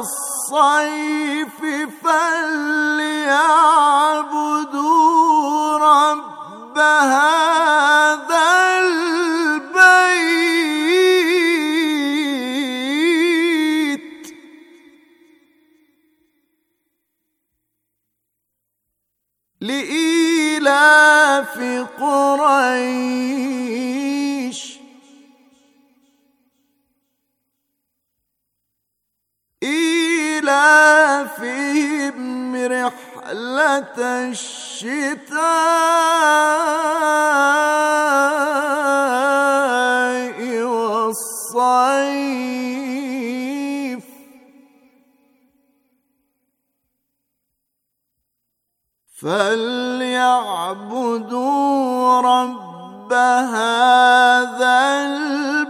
الصيف فليعبدوا رب هذا البيت لإيلاف قريش الشتاء والصيف فليعبدوا رب هذا البيت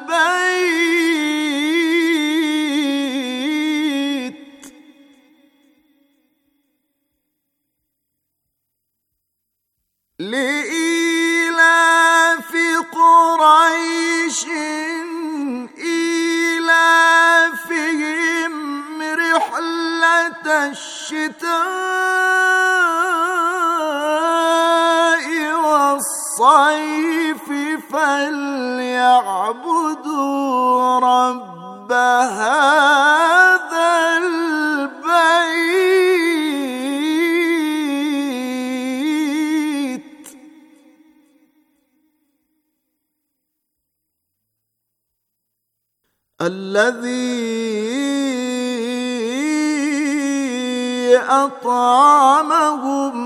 فليعبدوا رب هذا البيت الذي أطعمهم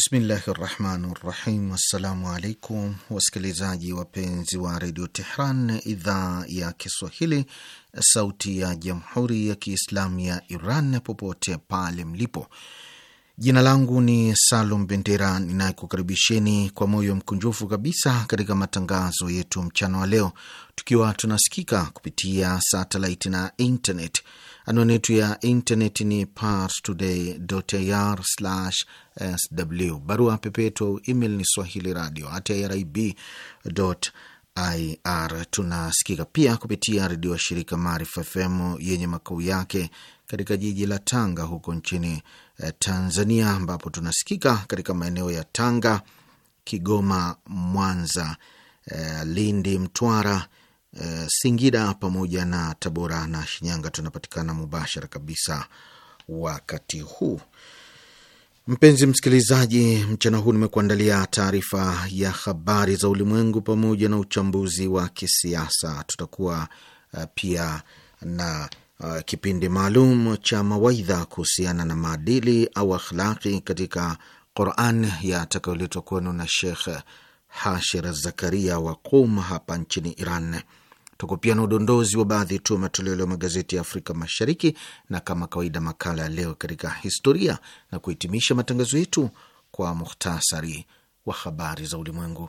Bismillahi rahmani rahim. Assalamu alaikum wasikilizaji wapenzi wa redio Tehran, idhaa ya Kiswahili, sauti ya jamhuri ya Kiislamu ya Iran, popote pale mlipo. Jina langu ni Salum Bendera ninayekukaribisheni kwa moyo mkunjufu kabisa katika matangazo yetu mchana wa leo, tukiwa tunasikika kupitia satelaiti na internet. Anwani yetu ya intaneti ni parstoday.ir/sw. Barua pepe yetu au email ni swahili radio at ir. Tunasikika pia kupitia redio ya shirika Maarifa FM yenye makao yake katika jiji la Tanga huko nchini eh, Tanzania, ambapo tunasikika katika maeneo ya Tanga, Kigoma, Mwanza, eh, Lindi, Mtwara Eh, Singida pamoja na Tabora na Shinyanga tunapatikana mubashara kabisa wakati huu. Mpenzi msikilizaji, mchana huu nimekuandalia taarifa ya habari za ulimwengu pamoja na uchambuzi wa kisiasa. Tutakuwa uh, pia na uh, kipindi maalum cha mawaidha kuhusiana na maadili au akhlaqi katika Quran yatakayoletwa kwenu na Shekh Hashir Zakaria wa Qum hapa nchini Iran. Takupia na udondozi wa baadhi tu ya matoleo leo magazeti ya Afrika Mashariki, na kama kawaida makala ya leo katika historia, na kuhitimisha matangazo yetu kwa muhtasari wa habari za ulimwengu.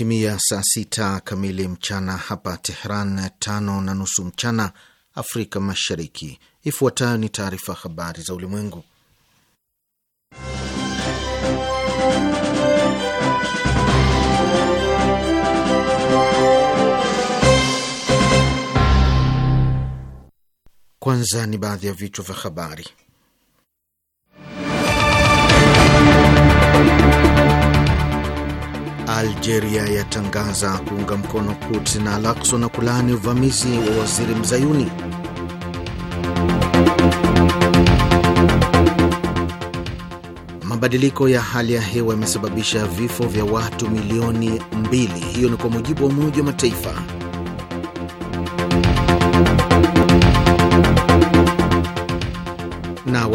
Imetimia saa sita kamili mchana hapa Tehran, tano na nusu mchana Afrika Mashariki. Ifuatayo ni taarifa habari za ulimwengu, kwanza ni baadhi ya vichwa vya habari. Nigeria yatangaza kuunga mkono Quds na Al-Aqsa na kulaani uvamizi wa waziri mzayuni. Mabadiliko ya hali ya hewa yamesababisha vifo vya watu milioni mbili. Hiyo ni kwa mujibu wa Umoja wa Mataifa.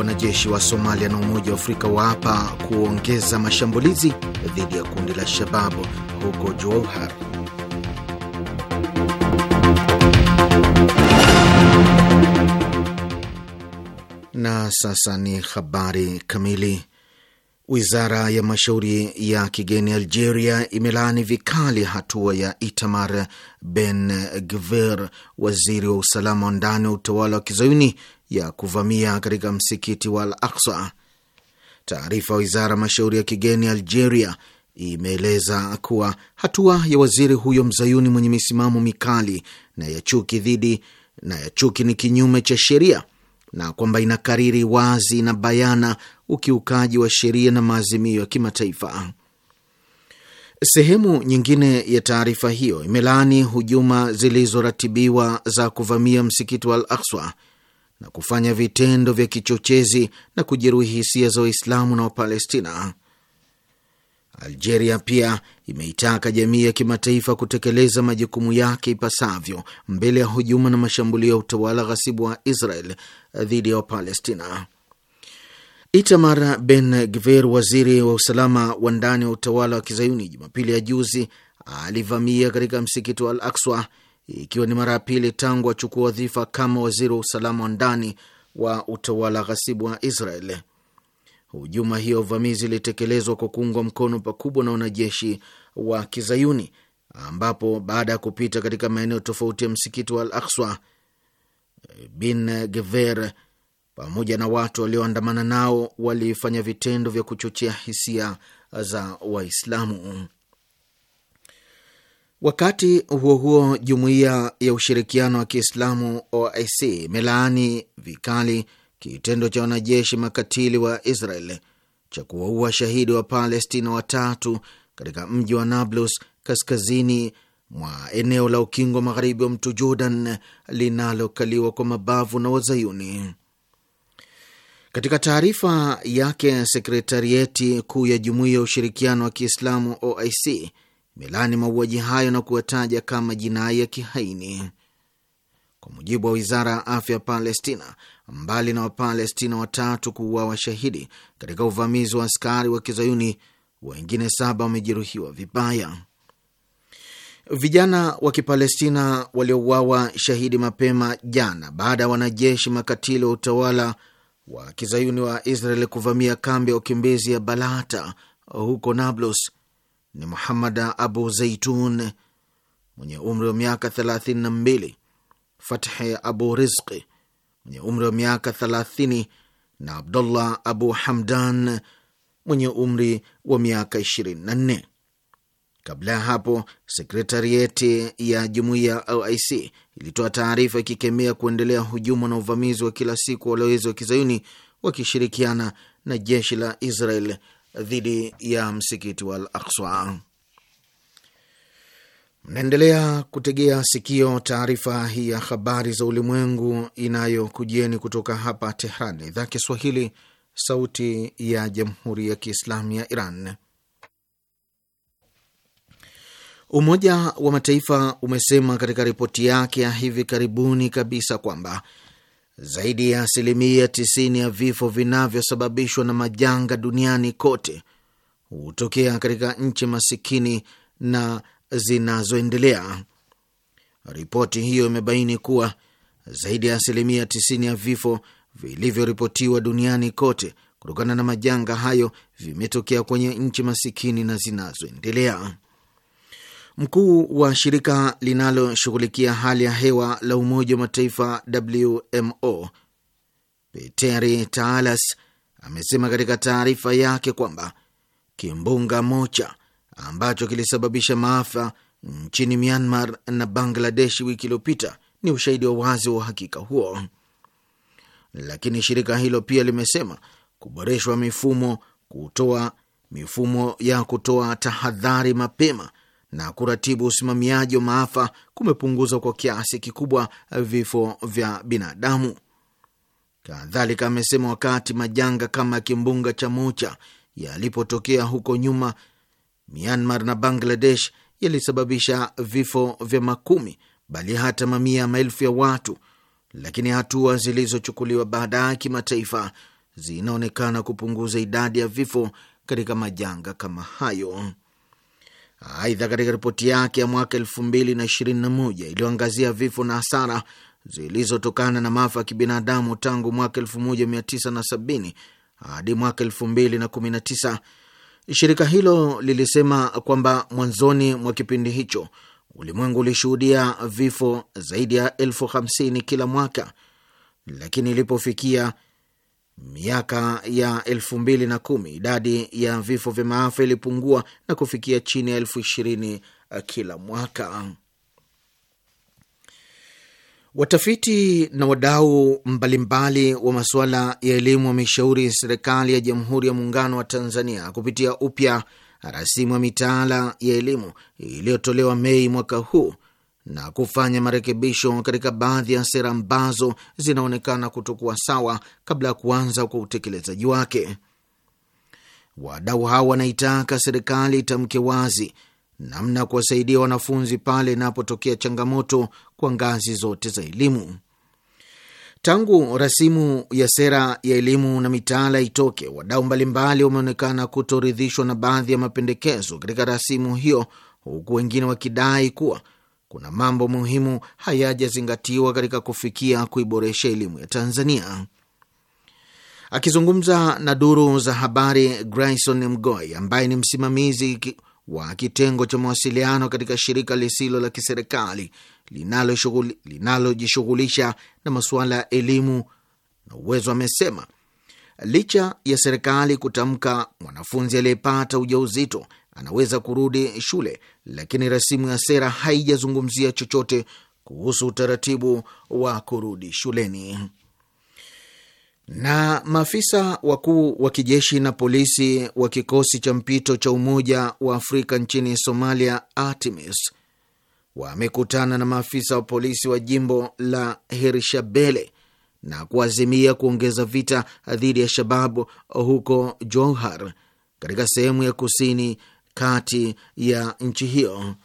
Wanajeshi wa Somalia na Umoja wa Afrika waapa kuongeza mashambulizi dhidi ya kundi la Shababu huko Jowhar. Na sasa ni habari kamili. Wizara ya mashauri ya kigeni Algeria imelaani vikali hatua ya Itamar Ben Gvir, waziri wa usalama wa ndani wa utawala wa kizayuni ya kuvamia katika msikiti wa Al Aksa. Taarifa ya wizara mashauri ya kigeni Algeria imeeleza kuwa hatua ya waziri huyo mzayuni mwenye misimamo mikali na ya chuki dhidi na ya chuki ni kinyume cha sheria na kwamba inakariri wazi na bayana ukiukaji wa sheria na maazimio ya kimataifa. Sehemu nyingine ya taarifa hiyo imelaani hujuma zilizoratibiwa za kuvamia msikiti wa Al Akswa na kufanya vitendo vya kichochezi na kujeruhi hisia za Waislamu na Wapalestina. Algeria pia imeitaka jamii ya kimataifa kutekeleza majukumu yake ipasavyo mbele ya hujuma na mashambulio ya utawala ghasibu wa Israel dhidi ya Wapalestina. Itamar Ben Gvir, waziri wa usalama wa ndani wa utawala wa kizayuni, Jumapili ya juzi alivamia katika msikiti wa Al Akswa ikiwa ni mara ya pili tangu achukua wadhifa kama waziri wa usalama wa ndani wa utawala ghasibu wa Israel. Hujuma hiyo uvamizi ilitekelezwa kwa kuungwa mkono pakubwa na wanajeshi wa Kizayuni, ambapo baada ya kupita katika maeneo tofauti ya msikiti wa Al Akswa, Bin Gever pamoja na watu walioandamana nao walifanya vitendo vya kuchochea hisia za Waislamu. Wakati huo huo, jumuiya ya ushirikiano wa Kiislamu OIC imelaani vikali kitendo cha wanajeshi makatili wa Israel cha kuwaua shahidi wa Palestina watatu katika mji wa Nablus kaskazini mwa eneo la ukingo magharibi wa mto Jordan linalokaliwa kwa mabavu na Wazayuni. Katika taarifa yake, sekretarieti kuu ya jumuiya ya ushirikiano wa Kiislamu OIC melani mauaji hayo na kuwataja kama jinai ya kihaini. Kwa mujibu wa wizara ya afya ya Palestina, mbali na Wapalestina watatu kuuawa shahidi katika uvamizi wa askari wa Kizayuni, wengine saba wamejeruhiwa vibaya. Vijana wa Kipalestina waliouawa shahidi mapema jana baada ya wanajeshi makatili wa utawala wa Kizayuni wa Israel kuvamia kambi ya wakimbizi ya Balata huko Nablus ni Muhammad Abu Zeitun mwenye umri wa miaka thelathini na mbili, Fathi Abu Rizqi mwenye umri wa miaka thelathini na Abdullah Abu Hamdan mwenye umri wa miaka ishirini na nne. Kabla ya hapo sekretarieti ya jumuiya OIC ilitoa taarifa ikikemea kuendelea hujuma na uvamizi wa kila siku walowezi wa kizayuni wakishirikiana na jeshi la Israel dhidi ya msikiti wa Al Aqsa. Mnaendelea kutegea sikio taarifa hii ya habari za ulimwengu inayokujieni kutoka hapa Tehran, idhaa Kiswahili, sauti ya jamhuri ya kiislamu ya Iran. Umoja wa Mataifa umesema katika ripoti yake ya hivi karibuni kabisa kwamba zaidi ya asilimia 90 ya vifo vinavyosababishwa na majanga duniani kote hutokea katika nchi masikini na zinazoendelea. Ripoti hiyo imebaini kuwa zaidi ya asilimia 90 ya vifo vilivyoripotiwa duniani kote kutokana na majanga hayo vimetokea kwenye nchi masikini na zinazoendelea. Mkuu wa shirika linaloshughulikia hali ya hewa la Umoja wa Mataifa WMO Peteri Taalas amesema katika taarifa yake kwamba kimbunga Mocha ambacho kilisababisha maafa nchini Myanmar na Bangladesh wiki iliyopita ni ushahidi wa wazi wa uhakika huo. Lakini shirika hilo pia limesema kuboreshwa mifumo kutoa mifumo ya kutoa tahadhari mapema na kuratibu usimamiaji wa maafa kumepunguza kwa kiasi kikubwa vifo vya binadamu. Kadhalika amesema wakati majanga kama kimbunga cha Mocha yalipotokea huko nyuma, Myanmar na Bangladesh yalisababisha vifo vya makumi, bali hata mamia ya maelfu ya watu, lakini hatua zilizochukuliwa baadaye kimataifa zinaonekana kupunguza idadi ya vifo katika majanga kama hayo. Aidha, katika ripoti yake ya mwaka elfu mbili na ishirini na moja iliyoangazia vifo na hasara zilizotokana na maafa ya kibinadamu tangu mwaka elfu moja mia tisa na sabini hadi mwaka elfu mbili na kumi na tisa shirika hilo lilisema kwamba mwanzoni mwa kipindi hicho ulimwengu ulishuhudia vifo zaidi ya elfu hamsini kila mwaka, lakini ilipofikia miaka ya elfu mbili na kumi idadi ya vifo vya maafa ilipungua na kufikia chini ya elfu ishirini uh, kila mwaka. Watafiti na wadau mbalimbali wa masuala ya elimu wameshauri serikali ya Jamhuri ya Muungano wa Tanzania kupitia upya rasimu ya mitaala ya elimu iliyotolewa Mei mwaka huu na kufanya marekebisho katika baadhi ya sera ambazo zinaonekana kutokuwa sawa kabla ya kuanza kwa utekelezaji wake. Wadau hawa wanaitaka serikali itamke wazi namna ya kuwasaidia wanafunzi pale inapotokea changamoto kwa ngazi zote za elimu. Tangu rasimu ya sera ya elimu na mitaala itoke, wadau mbalimbali wameonekana kutoridhishwa na baadhi ya mapendekezo katika rasimu hiyo, huku wengine wakidai kuwa kuna mambo muhimu hayajazingatiwa katika kufikia kuiboresha elimu ya Tanzania. Akizungumza na duru za habari, Grayson Mgoi ambaye ni msimamizi wa kitengo cha mawasiliano katika shirika lisilo la kiserikali linalojishughulisha na masuala ya elimu na uwezo, amesema licha ya serikali kutamka mwanafunzi aliyepata ujauzito anaweza kurudi shule lakini rasimu ya sera haijazungumzia chochote kuhusu utaratibu wa kurudi shuleni. Na maafisa wakuu wa kijeshi na polisi wa kikosi cha mpito cha Umoja wa Afrika nchini Somalia, ATMIS, wamekutana na maafisa wa polisi wa jimbo la Hirshabelle na kuazimia kuongeza vita dhidi ya shababu huko Johar katika sehemu ya kusini kati ya nchi hiyo.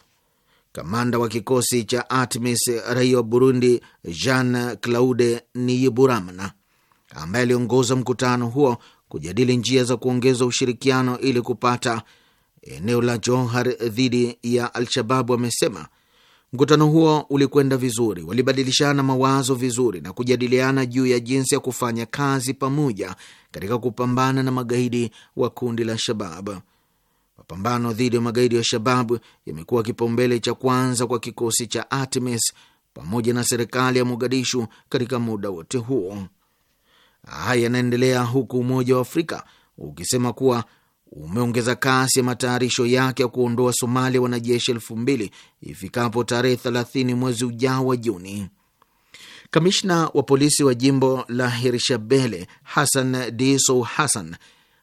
Kamanda wa kikosi cha ATMIS raia wa Burundi Jean Claude Niyiburamna, ambaye aliongoza mkutano huo kujadili njia za kuongeza ushirikiano ili kupata eneo la Johar dhidi ya Al-Shababu, amesema mkutano huo ulikwenda vizuri. Walibadilishana mawazo vizuri na kujadiliana juu ya jinsi ya kufanya kazi pamoja katika kupambana na magaidi wa kundi la Shabab mapambano dhidi ya magaidi ya Shababu yamekuwa kipaumbele cha kwanza kwa kikosi cha Artemis pamoja na serikali ya Mogadishu katika muda wote huo. Haya yanaendelea huku Umoja wa Afrika ukisema kuwa umeongeza kasi ya matayarisho yake ya kuondoa Somalia wanajeshi elfu mbili ifikapo tarehe thelathini mwezi ujao wa Juni. Kamishna wa polisi wa jimbo la Hirshabele Hassan Diso Hassan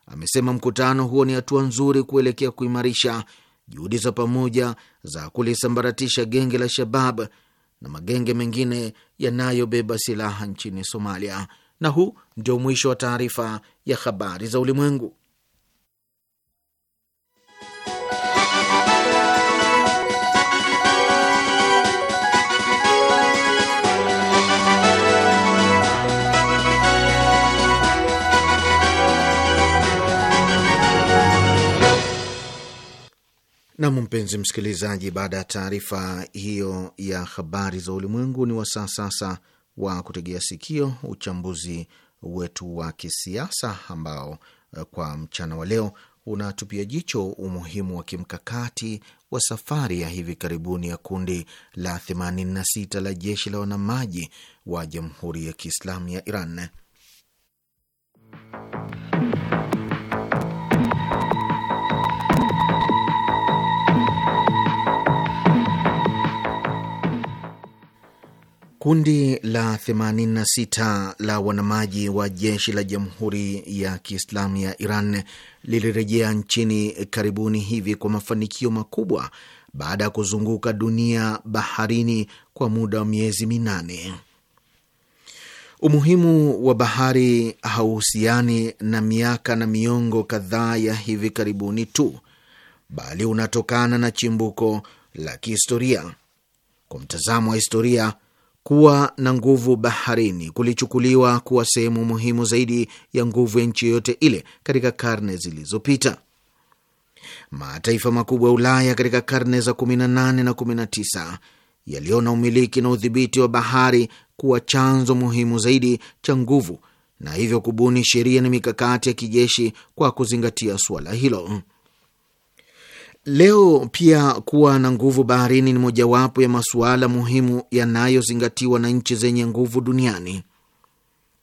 amesema mkutano huo ni hatua nzuri kuelekea kuimarisha juhudi za pamoja za kulisambaratisha genge la Shabab na magenge mengine yanayobeba silaha nchini Somalia. Na huu ndio mwisho wa taarifa ya habari za ulimwengu. Nam, mpenzi msikilizaji, baada ya taarifa hiyo ya habari za ulimwengu, ni wasaa sasa wa kutegea sikio uchambuzi wetu wa kisiasa ambao eh, kwa mchana wa leo unatupia jicho umuhimu wa kimkakati wa safari ya hivi karibuni ya kundi la 86 la jeshi la wanamaji wa Jamhuri ya Kiislamu ya Iran. Kundi la 86 la wanamaji wa jeshi la Jamhuri ya Kiislamu ya Iran lilirejea nchini karibuni hivi kwa mafanikio makubwa baada ya kuzunguka dunia baharini kwa muda wa miezi minane. Umuhimu wa bahari hauhusiani na miaka na miongo kadhaa ya hivi karibuni tu, bali unatokana na chimbuko la kihistoria. Kwa mtazamo wa historia kuwa na nguvu baharini kulichukuliwa kuwa sehemu muhimu zaidi ya nguvu ya nchi yoyote ile katika karne zilizopita. Mataifa makubwa ya Ulaya katika karne za 18 na 19 yaliona umiliki na udhibiti wa bahari kuwa chanzo muhimu zaidi cha nguvu na hivyo kubuni sheria na mikakati ya kijeshi kwa kuzingatia suala hilo. Leo pia kuwa na nguvu baharini ni mojawapo ya masuala muhimu yanayozingatiwa na nchi zenye nguvu duniani.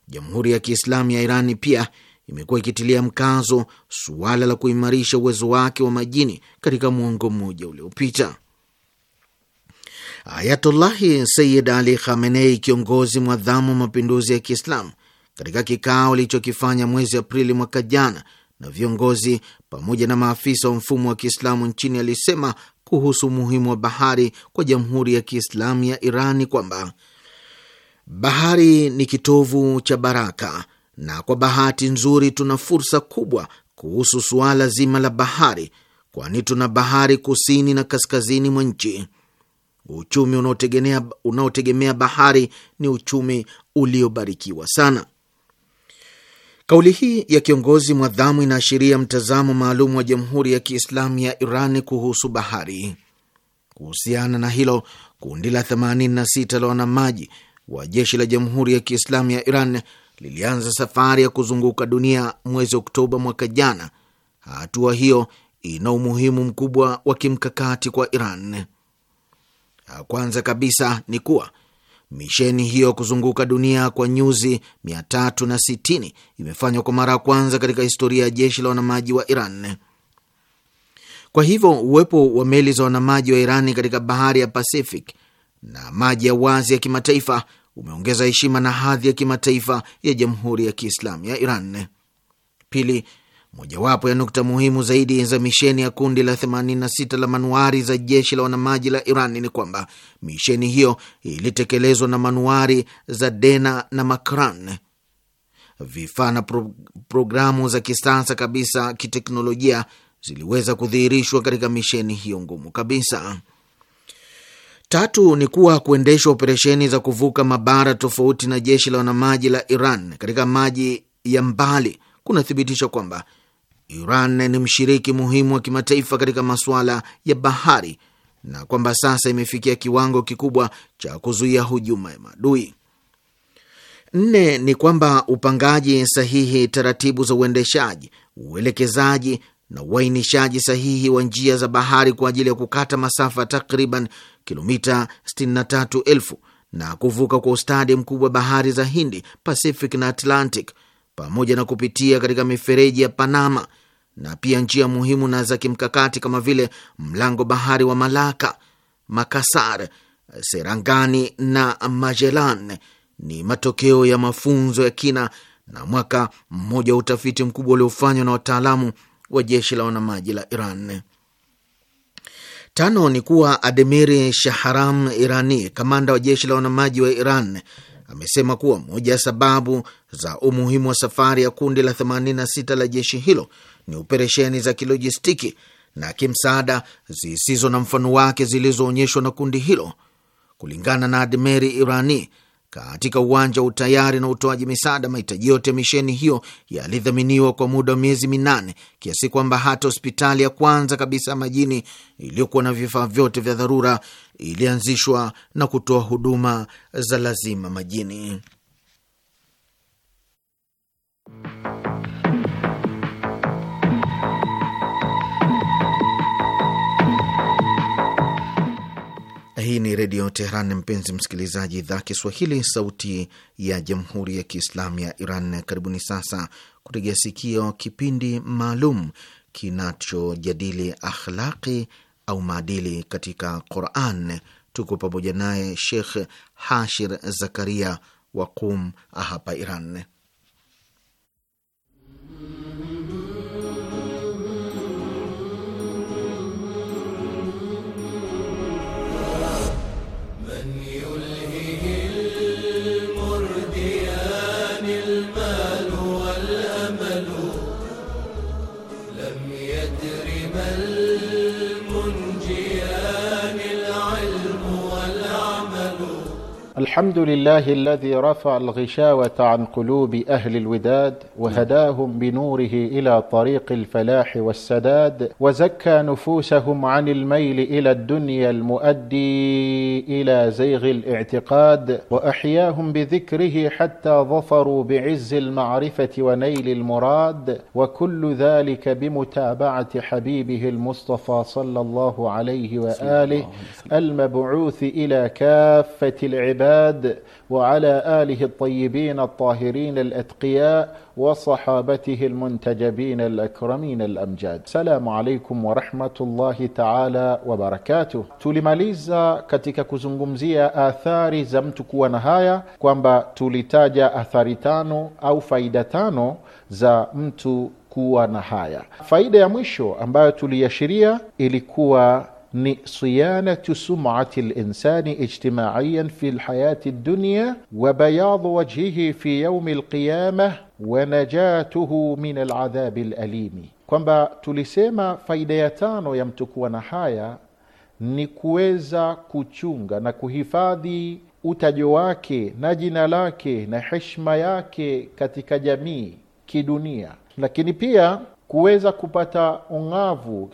Jamhuri ya Kiislamu ya Irani pia imekuwa ikitilia mkazo suala la kuimarisha uwezo wake wa majini katika mwongo mmoja uliopita. Ayatullahi Sayid Ali Khamenei, kiongozi mwadhamu wa mapinduzi ya Kiislamu, katika kikao alichokifanya mwezi Aprili mwaka jana na viongozi pamoja na maafisa wa mfumo wa Kiislamu nchini alisema kuhusu umuhimu wa bahari kwa Jamhuri ya Kiislamu ya Irani kwamba bahari ni kitovu cha baraka, na kwa bahati nzuri tuna fursa kubwa kuhusu suala zima la bahari, kwani tuna bahari kusini na kaskazini mwa nchi. Uchumi unaotegemea bahari ni uchumi uliobarikiwa sana. Kauli hii ya kiongozi mwadhamu inaashiria mtazamo maalum wa Jamhuri ya Kiislamu ya Iran kuhusu bahari. Kuhusiana na hilo, kundi la 86 la wanamaji wa jeshi la Jamhuri ya Kiislamu ya Iran lilianza safari ya kuzunguka dunia mwezi Oktoba mwaka jana. Hatua hiyo ina umuhimu mkubwa wa kimkakati kwa Iran. Ya kwanza kabisa ni kuwa Misheni hiyo kuzunguka dunia kwa nyuzi 360 imefanywa kwa mara ya kwanza katika historia ya jeshi la wanamaji wa Iran. Kwa hivyo uwepo wa meli za wanamaji wa Irani katika bahari ya Pacific na maji ya wazi ya kimataifa umeongeza heshima na hadhi ya kimataifa ya Jamhuri ya Kiislamu ya Iran. Pili, Mojawapo ya nukta muhimu zaidi za misheni ya kundi la 86 la manuari za jeshi la wanamaji la Iran ni kwamba misheni hiyo ilitekelezwa na manuari za Dena na Makran. Vifaa na pro programu za kisasa kabisa kiteknolojia ziliweza kudhihirishwa katika misheni hiyo ngumu kabisa. Tatu ni kuwa kuendeshwa operesheni za kuvuka mabara tofauti na jeshi la wanamaji la Iran katika maji ya mbali kunathibitisha kwamba Iran ni mshiriki muhimu wa kimataifa katika masuala ya bahari na kwamba sasa imefikia kiwango kikubwa cha kuzuia hujuma ya maadui. Nne ni kwamba upangaji sahihi, taratibu za uendeshaji, uelekezaji na uainishaji sahihi wa njia za bahari kwa ajili ya kukata masafa takriban kilomita 63,000 na kuvuka kwa ustadi mkubwa bahari za Hindi, Pacific na Atlantic, pamoja na kupitia katika mifereji ya Panama na pia njia muhimu na za kimkakati kama vile mlango bahari wa Malaka, makasar Serangani na Magellan ni matokeo ya mafunzo ya kina na mwaka mmoja wa utafiti mkubwa uliofanywa na wataalamu wa jeshi la wanamaji la Iran. Tano ni kuwa Ademiri Shaharam Irani, kamanda wa jeshi la wanamaji wa Iran, amesema kuwa moja ya sababu za umuhimu wa safari ya kundi la 86 la jeshi hilo ni operesheni za kilojistiki na kimsaada zisizo na mfano wake zilizoonyeshwa na kundi hilo, kulingana na Admeri Irani. Katika uwanja wa utayari na utoaji misaada, mahitaji yote ya misheni hiyo yalidhaminiwa kwa muda wa miezi minane, kiasi kwamba hata hospitali ya kwanza kabisa majini iliyokuwa na vifaa vyote vya dharura ilianzishwa na kutoa huduma za lazima majini. Hii ni Redio Teheran, mpenzi msikilizaji, idhaa Kiswahili, sauti ya jamhuri ya kiislamu ya Iran. Karibuni sasa kutegea sikio kipindi maalum kinachojadili akhlaqi au maadili katika Quran. Tuko pamoja naye Shekh Hashir Zakaria wa Qum hapa Iran. الحمد لله الذي رفع الغشاوة عن قلوب أهل الوداد وهداهم بنوره إلى طريق الفلاح والسداد وزكى نفوسهم عن الميل إلى الدنيا المؤدي إلى زيغ الاعتقاد وأحياهم بذكره حتى ظفروا بعز المعرفة ونيل المراد وكل ذلك بمتابعة حبيبه المصطفى صلى الله عليه وآله المبعوث إلى كافة العباد محمد وعلى اله الطيبين الطاهرين الاتقياء وصحابته المنتجبين الاكرمين الامجاد. السلام عليكم ورحمه الله تعالى وبركاته. تولماليزا كاتيكا كوزنغومزيا اثاري زمتكو ونهايا كوانبا تولتاجا اثاري تانو او فايدتانو زمتكو ونهايا. فايده يا مشو امبا تولياشيريا اليكوا صيانه سمعه الانسان اجتماعيا في الحياه الدنيا وبياض وجهه في يوم القيامه ونجاته من العذاب الاليم كما تلسيما فايديتانو يمتكون حيا نكويزا كوتشونغا نكوهيفادي utajo wake na jina lake na heshima yake لكن بيا kidunia, lakini pia kuweza kupata ung'avu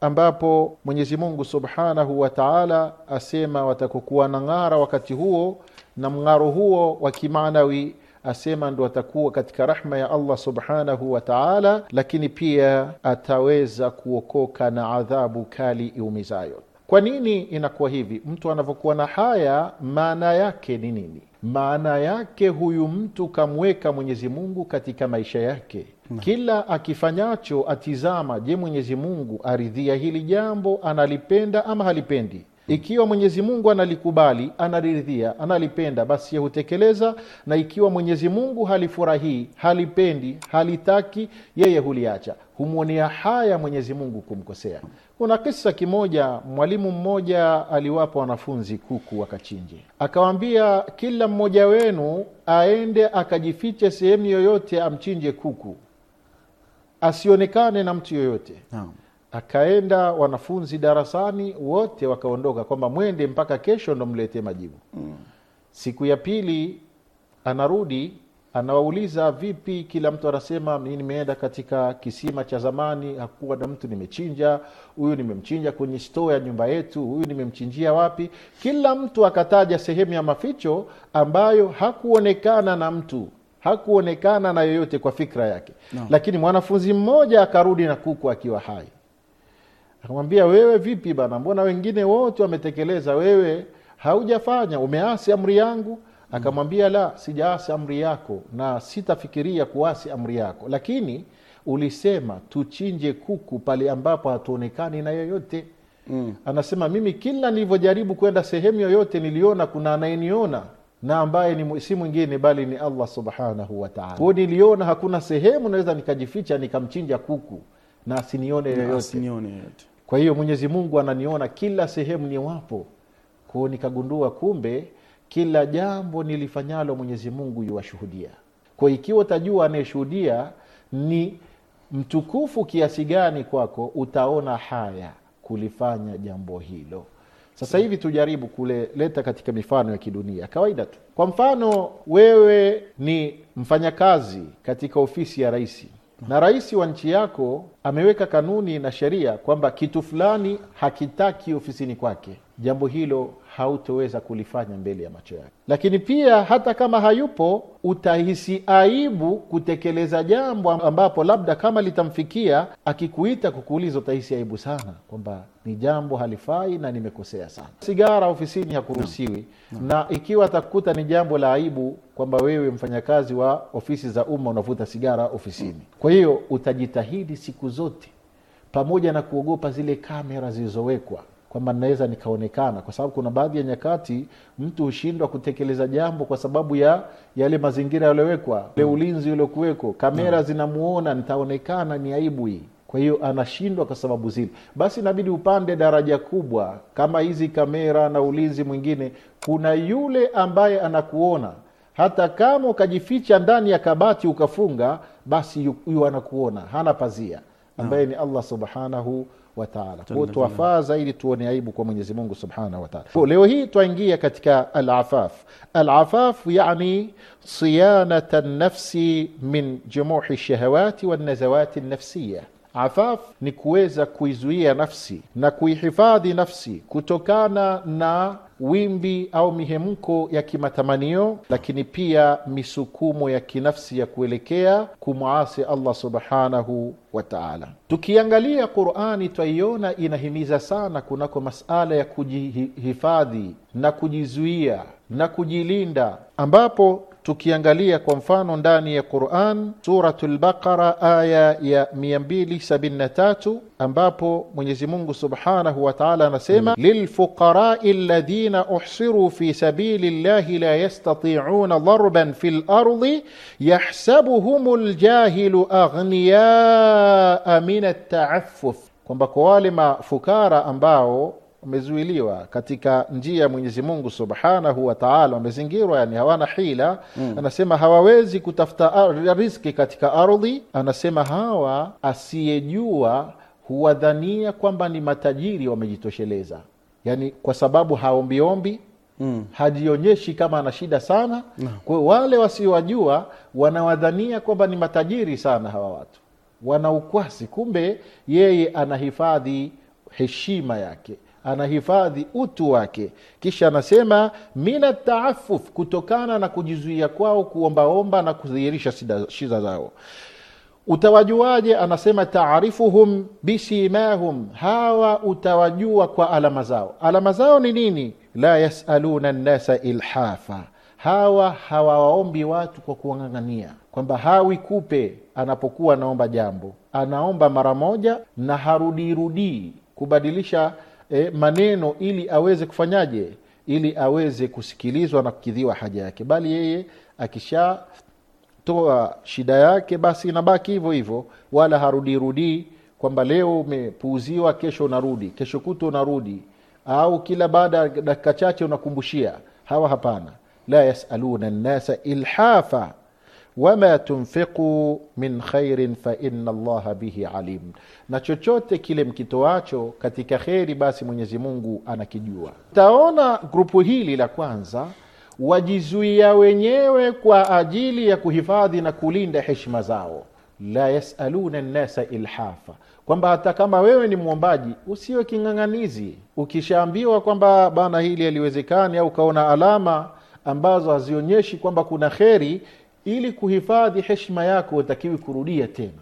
ambapo Mwenyezi Mungu Subhanahu wa Ta'ala asema watakokuwa na ng'ara wakati huo, na mng'aro huo wa kimaanawi asema ndo atakuwa katika rahma ya Allah Subhanahu wa Ta'ala, lakini pia ataweza kuokoka na adhabu kali iumizayo. Kwa nini inakuwa hivi? Mtu anavyokuwa na haya, maana yake ni nini? Maana yake huyu mtu kamweka Mwenyezi Mungu katika maisha yake na kila akifanyacho atizama, je, Mwenyezi Mungu aridhia hili jambo, analipenda ama halipendi? Ikiwa Mwenyezi Mungu analikubali, analiridhia, analipenda, basi yahutekeleza, na ikiwa Mwenyezi Mungu halifurahii, halipendi, halitaki, yeye huliacha. Humwonea haya Mwenyezi Mungu kumkosea. Kuna kisa kimoja, mwalimu mmoja aliwapa wanafunzi kuku wakachinje, akawambia kila mmoja wenu aende akajifiche sehemu yoyote amchinje kuku asionekane na mtu yoyote no. Akaenda wanafunzi darasani wote wakaondoka, kwamba mwende mpaka kesho ndo mletee majibu mm. Siku ya pili anarudi anawauliza vipi, kila mtu anasema mi nimeenda katika kisima cha zamani, hakuwa na mtu, nimechinja huyu, nimemchinja kwenye sto ya nyumba yetu, huyu nimemchinjia wapi. Kila mtu akataja sehemu ya maficho ambayo hakuonekana na mtu hakuonekana na yoyote kwa fikra yake no. Lakini mwanafunzi mmoja akarudi na kuku akiwa hai, akamwambia wewe, vipi bana, mbona wengine wote wametekeleza, wewe haujafanya? Umeasi amri yangu? Mm. Akamwambia, la, sijaasi amri yako na sitafikiria kuasi amri yako, lakini ulisema tuchinje kuku pale ambapo hatuonekani na yoyote mm. Anasema mimi kila nilivyojaribu kwenda sehemu yoyote, niliona kuna anayeniona na ambaye ni si mwingine bali ni allah subhanahu wataala kwao niliona hakuna sehemu naweza nikajificha nikamchinja kuku na asinione yoyote kwa hiyo mwenyezi mungu ananiona kila sehemu niwapo kwao nikagundua kumbe kila jambo nilifanyalo mwenyezi mungu yuwashuhudia kwa ikiwa utajua anayeshuhudia ni mtukufu kiasi gani kwako utaona haya kulifanya jambo hilo sasa hivi tujaribu kuleta katika mifano ya kidunia kawaida tu. Kwa mfano, wewe ni mfanyakazi katika ofisi ya rais na rais wa nchi yako ameweka kanuni na sheria kwamba kitu fulani hakitaki ofisini kwake, jambo hilo hautoweza kulifanya mbele ya macho yake. Lakini pia hata kama hayupo, utahisi aibu kutekeleza jambo ambapo labda kama litamfikia, akikuita kukuuliza, utahisi aibu sana kwamba ni jambo halifai na nimekosea sana. Sigara ofisini hakuruhusiwi no. No. na ikiwa atakukuta ni jambo la aibu kwamba wewe mfanyakazi wa ofisi za umma unavuta sigara ofisini, kwa hiyo utajitahidi siku zote, pamoja na kuogopa zile kamera zilizowekwa kwamba naweza nikaonekana kwa sababu kuna baadhi ya nyakati mtu hushindwa kutekeleza jambo kwa sababu ya yale mazingira yaliyowekwa ule mm. ulinzi uliokuweko kamera mm. zinamuona nitaonekana ni aibu hii kwa hiyo anashindwa kwa sababu zile basi inabidi upande daraja kubwa kama hizi kamera na ulinzi mwingine kuna yule ambaye anakuona hata kama ukajificha ndani ya kabati ukafunga basi huyu anakuona hana pazia ambaye ni allah subhanahu wataala. Kwa hiyo zaidi tuone aibu kwa Mwenyezi Mungu subhanahu wataala. Leo hii twaingia katika alafaf. Alafaf yani siyanata nafsi min jumuhi shahawati wanazawati nafsiya Afaf ni kuweza kuizuia nafsi na kuihifadhi nafsi kutokana na wimbi au mihemko ya kimatamanio, lakini pia misukumo ya kinafsi ya kuelekea kumwasi Allah subhanahu wa taala. Tukiangalia Qurani twaiona inahimiza sana kunako masala ya kujihifadhi na kujizuia na kujilinda, ambapo tukiangalia kwa mfano ndani ya Qur'an suratul Baqara aya ya 273 ambapo Mwenyezi Mungu Subhanahu wa Ta'ala anasema mm. lilfuqarai alladhina uhsiru fi sabilillahi la yastati'una darban fil ardi yahsabuhumul jahilu aghniyaa min at kwamba kwa wale mafukara ambao wamezuiliwa katika njia ya Mwenyezi Mungu subhanahu wataala wamezingirwa, yani hawana hila mm. Anasema hawawezi kutafuta riski katika ardhi. Anasema hawa asiyejua huwadhania kwamba ni matajiri wamejitosheleza, yani kwa sababu haombiombi Mm. hajionyeshi kama ana shida sana no. kwao wale wasiowajua wanawadhania kwamba ni matajiri sana, hawa watu wana ukwasi, kumbe yeye anahifadhi heshima yake, anahifadhi utu wake kisha anasema min ataafuf kutokana na kujizuia kwao kuombaomba na kudhihirisha shida zao utawajuaje anasema taarifuhum bisimahum hawa utawajua kwa alama zao alama zao ni nini la yasaluna nnasa ilhafa hawa hawawaombi watu kwa kuwang'ang'ania kwamba hawi kupe anapokuwa anaomba jambo anaomba mara moja na harudirudii kubadilisha e, maneno ili aweze kufanyaje ili aweze kusikilizwa na kukidhiwa haja yake bali yeye akishatoa shida yake basi inabaki hivyo hivyo wala harudirudii kwamba leo umepuuziwa kesho unarudi kesho kutu unarudi au kila baada ya dakika chache unakumbushia hawa hapana la yasaluna nnasa ilhafa wama tunfiqu min khairin fa inna Allaha bihi alim, na chochote kile mkitoacho katika kheri, basi Mwenyezi Mungu anakijua. Taona grupu hili la kwanza wajizuia wenyewe kwa ajili ya kuhifadhi na kulinda heshima zao, la yasaluna nnasa ilhafa, kwamba hata kama wewe ni mwombaji usiwe king'ang'anizi. Ukishaambiwa kwamba bana hili haliwezekani, au ukaona alama ambazo hazionyeshi kwamba kuna kheri ili kuhifadhi heshima yako utakiwi kurudia tena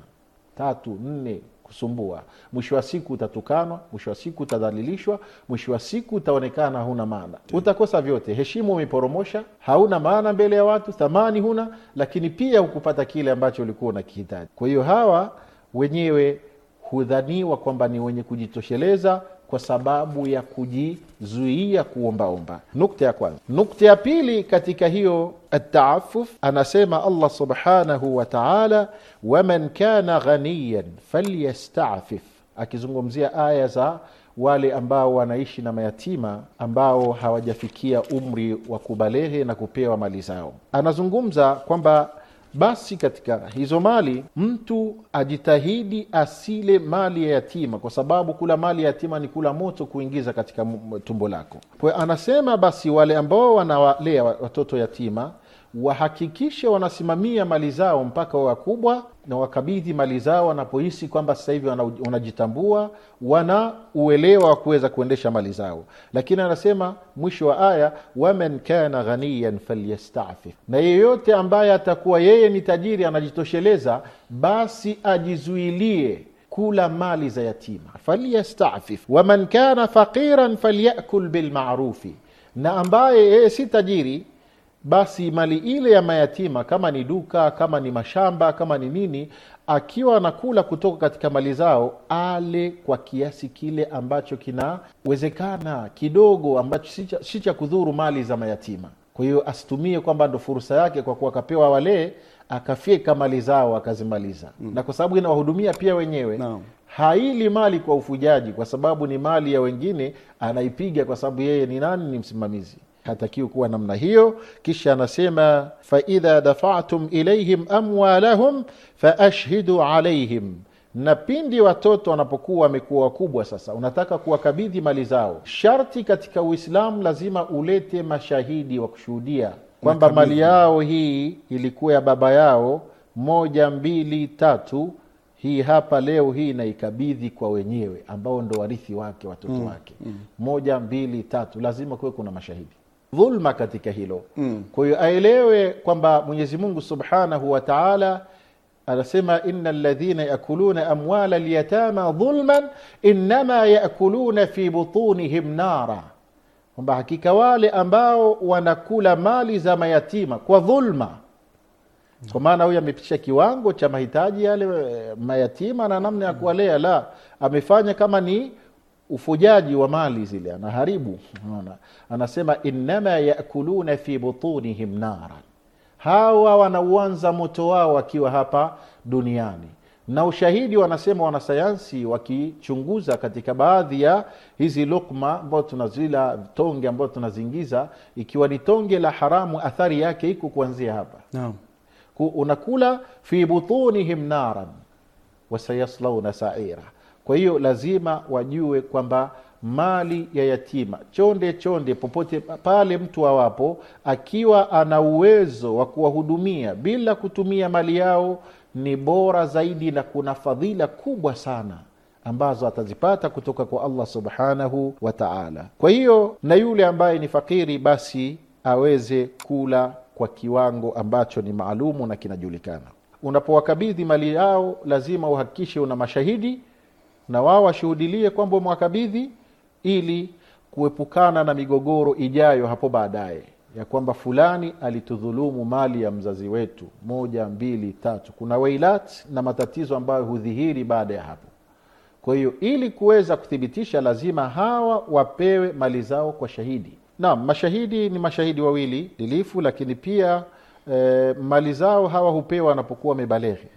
tatu nne kusumbua mwisho wa siku utatukanwa mwisho wa siku utadhalilishwa mwisho wa siku utaonekana huna maana utakosa vyote heshima umeporomosha hauna maana mbele ya watu thamani huna lakini pia hukupata kile ambacho ulikuwa unakihitaji kwa hiyo hawa wenyewe hudhaniwa kwamba ni wenye kujitosheleza kwa sababu ya kujizuia kuombaomba. Nukta ya kwanza. Nukta ya pili katika hiyo ataafuf, anasema Allah subhanahu wa taala, waman kana ghaniyan falyastafif, akizungumzia aya za wale ambao wanaishi na mayatima ambao hawajafikia umri wa kubalehe na kupewa mali zao. Anazungumza kwamba basi katika hizo mali mtu ajitahidi asile mali ya yatima, kwa sababu kula mali ya yatima ni kula moto kuingiza katika tumbo lako. Kwa anasema basi wale ambao wanawalea watoto yatima wahakikishe wanasimamia mali zao mpaka wakubwa, na wakabidhi mali zao wanapohisi kwamba sasa hivi wanajitambua, wana uelewa wa kuweza kuendesha mali zao. Lakini anasema mwisho wa aya, waman kana ghaniyan falyastafif, na yeyote ambaye atakuwa yeye ni tajiri anajitosheleza, basi ajizuilie kula mali za yatima. Falyastafif waman kana faqiran falyakul bilmarufi, na ambaye yeye si tajiri basi mali ile ya mayatima kama ni duka kama ni mashamba kama ni nini akiwa anakula kutoka katika mali zao ale kwa kiasi kile ambacho kinawezekana kidogo ambacho si cha kudhuru mali za mayatima kwa hiyo asitumie kwamba ndo fursa yake kwa kuwa akapewa wale akafyeka mali zao akazimaliza mm. na kwa sababu inawahudumia pia wenyewe no haili mali kwa ufujaji kwa sababu ni mali ya wengine anaipiga kwa sababu yeye ni nani ni msimamizi hatakiwi kuwa namna hiyo. Kisha anasema faidha dafatum ilaihim amwalahum faashhidu alaihim, na pindi watoto wanapokuwa wamekuwa wakubwa, sasa unataka kuwakabidhi mali zao, sharti katika Uislamu lazima ulete mashahidi wa kushuhudia kwamba mali yao hii ilikuwa ya baba yao, moja mbili tatu, hii hapa leo hii naikabidhi kwa wenyewe ambao ndo warithi wake watoto mm, wake mm. moja mbili tatu, lazima kuwe kuna mashahidi dhulma katika hilo mm. kwa hiyo aelewe kwamba mwenyezi mungu subhanahu wa taala anasema ina ladhina yakuluna amwala lyatama dhulman innama yakuluna fi butunihim nara kwamba hakika wale ambao wanakula mali za mayatima kwa dhulma mm. kwa maana huyo amepitisha kiwango cha mahitaji yale eh, mayatima na namna ya kuwalea la amefanya kama ni ufujaji wa mali zile anaharibu ona anasema innama yakuluna fi butunihim nara hawa wanauanza moto wao wakiwa hapa duniani na ushahidi wanasema wanasayansi wakichunguza katika baadhi ya hizi lukma ambayo tunazila tonge ambayo tunazingiza ikiwa ni tonge la haramu athari yake iko kuanzia hapa no. unakula fi butunihim naran wasayaslauna saira kwa hiyo lazima wajue kwamba mali ya yatima chonde chonde popote pale mtu awapo akiwa ana uwezo wa kuwahudumia bila kutumia mali yao ni bora zaidi na kuna fadhila kubwa sana ambazo atazipata kutoka kwa allah subhanahu wa taala kwa hiyo na yule ambaye ni fakiri basi aweze kula kwa kiwango ambacho ni maalumu na kinajulikana unapowakabidhi mali yao lazima uhakikishe una mashahidi na wao washuhudilie kwamba umewakabidhi ili kuepukana na migogoro ijayo hapo baadaye ya kwamba fulani alitudhulumu mali ya mzazi wetu moja mbili tatu kuna weilat na matatizo ambayo hudhihiri baada ya hapo kwa hiyo ili kuweza kuthibitisha lazima hawa wapewe mali zao kwa shahidi naam mashahidi ni mashahidi wawili dilifu lakini pia e, mali zao hawa hupewa wanapokuwa wamebaleghe